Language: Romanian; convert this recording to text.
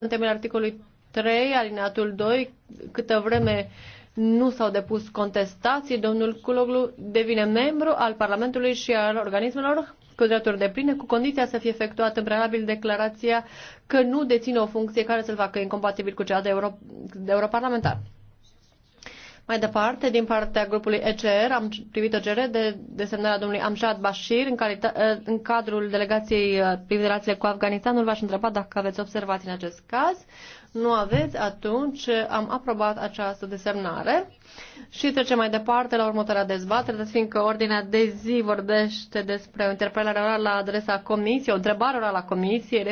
în temele articolului 3, alineatul 2, câtă vreme nu s-au depus contestații, domnul Culoglu devine membru al Parlamentului și al organismelor cu drepturi de pline, cu condiția să fie efectuată în prealabil declarația că nu deține o funcție care să-l facă incompatibil cu cea de, euro, de europarlamentar. Mai departe, din partea grupului ECR, am primit o cerere de desemnarea domnului Amjad Bashir în, calita- în cadrul delegației uh, privind relațiile cu Afganistanul. V-aș întreba dacă aveți observații în acest caz. Nu aveți, atunci am aprobat această desemnare. Și trecem mai departe la următoarea dezbatere, deci fiindcă ordinea de zi vorbește despre o interpelare orală la adresa Comisiei, o întrebare orală la Comisie